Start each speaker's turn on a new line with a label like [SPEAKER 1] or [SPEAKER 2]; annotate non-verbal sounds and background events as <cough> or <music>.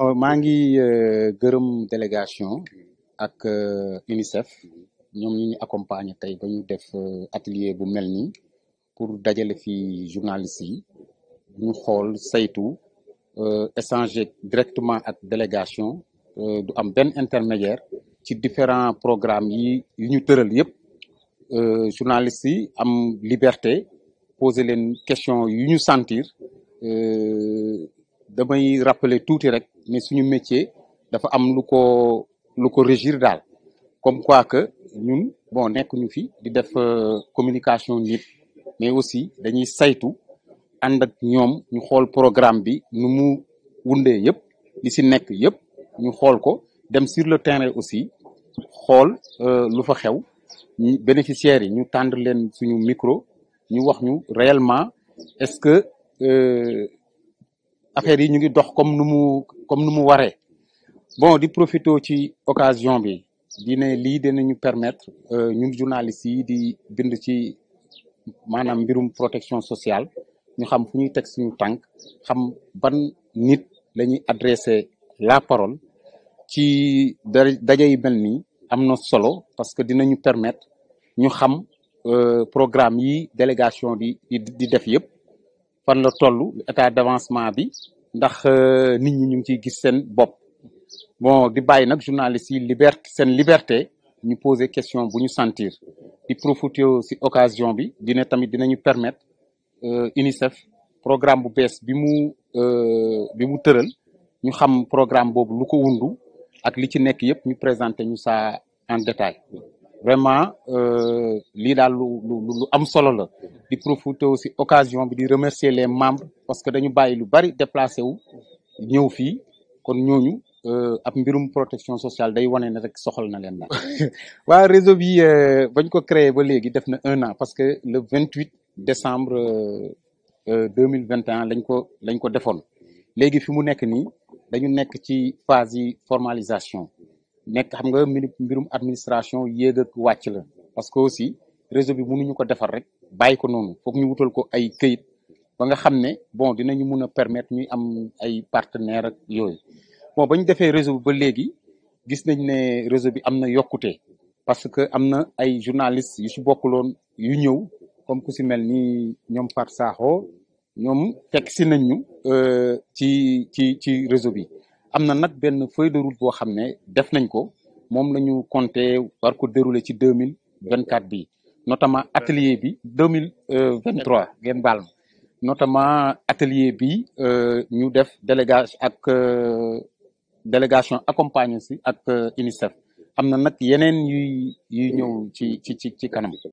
[SPEAKER 1] Euh, maa ngi euh, gërëm délégation ak euh, UNICEF Nous ñu ñu accompagner tey ba ñu def atelier bu mel nii pour dajale fi journalistes yi ñu xool saytu échanger directement ak délégation du am benn intermédiaire ci différents programmes yi yu ñu tëral yëpp journalistes yi am liberté poser leen question yu ñu sentir me rappeler tout mais mais suñu métier dafa am comme quoi que nous bon euh, communication mais aussi dañuy saytu tout. Nous ñu programme bi nous mu yep ici Nous sommes sur le terrain aussi Nous euh, bénéficiaires nous ñu nous micro Nous réellement est-ce que euh, affaire yi ñu ngi dox comme nu mu comme nu mu waree bon di profito ci occasion bi di ne lii dinañu permettre euh, ñun journalistes yi di bind ci manam mbirum protection sociale ñu xam fu ñuy tek suñu tank xam ban nit lañuy adresser la parole ci daje yu mel nii solo parce que dinañu permettre ñu xam euh, programme yi délégation di di def yëpp par la TOLU, état d'avancement bi ndax euh, nit ñi ñu bon journaliste liberté nous poser question bu ñu sentir di profité aussi occasion bi tamit permettre euh, UNICEF programme bu nous bi mu euh, programme bobu lu ko wundu ak li ci nekk ñu ça en détail vraiment euh, lii daal lu lu lu am solo la di profité aussi occasion bi di remercier les membres parce que dañu bayyi lu bari déplacé wu ñëw fi kon ñooñu euh, ab mbirum protection sociale day wone ne rek soxal na len daal. <laughs> waa réseau bi euh, bañ ko créer ba légui def na 1 an parce que le 28 décembre 2021 mille vingt lañ ko lañ ko defoon légui fi mu nekk ni dañu nekk ci phase yi formalisation nek xam nga mbirum administration yéeg ak wàcc la parce que aussi réseau bi mënuñu ko defar rek bàyyi ko noonu foog ñu wutal ko ay këyit ba nga xam ne bon dinañu mun a permettre ñuy am ay partenaire ak yooyu bon ba ñu defee réseau bi ba léegi gis nañ ne réseau bi am na yokkute parce que am na ay journalistes yu ci bokkuloon yu ñëw comme ku si mel ni ñoom Fatou Sakho ñoom fekk si nañ ñu euh, ci ci ci réseau bi am na nag benn feuille de route boo xam ne def nañ ko moom la ñu compté war dérouler ci deux mille vingt quatre bii notamment atelier bi deux mille euh, vingt trois ngeen baal ma notamment atelier bi euh, ñu def euh, délégation ak délégation accompagné si ak UNICEF am na nag yeneen yuy yuy ñëw ci ci ci ci kanam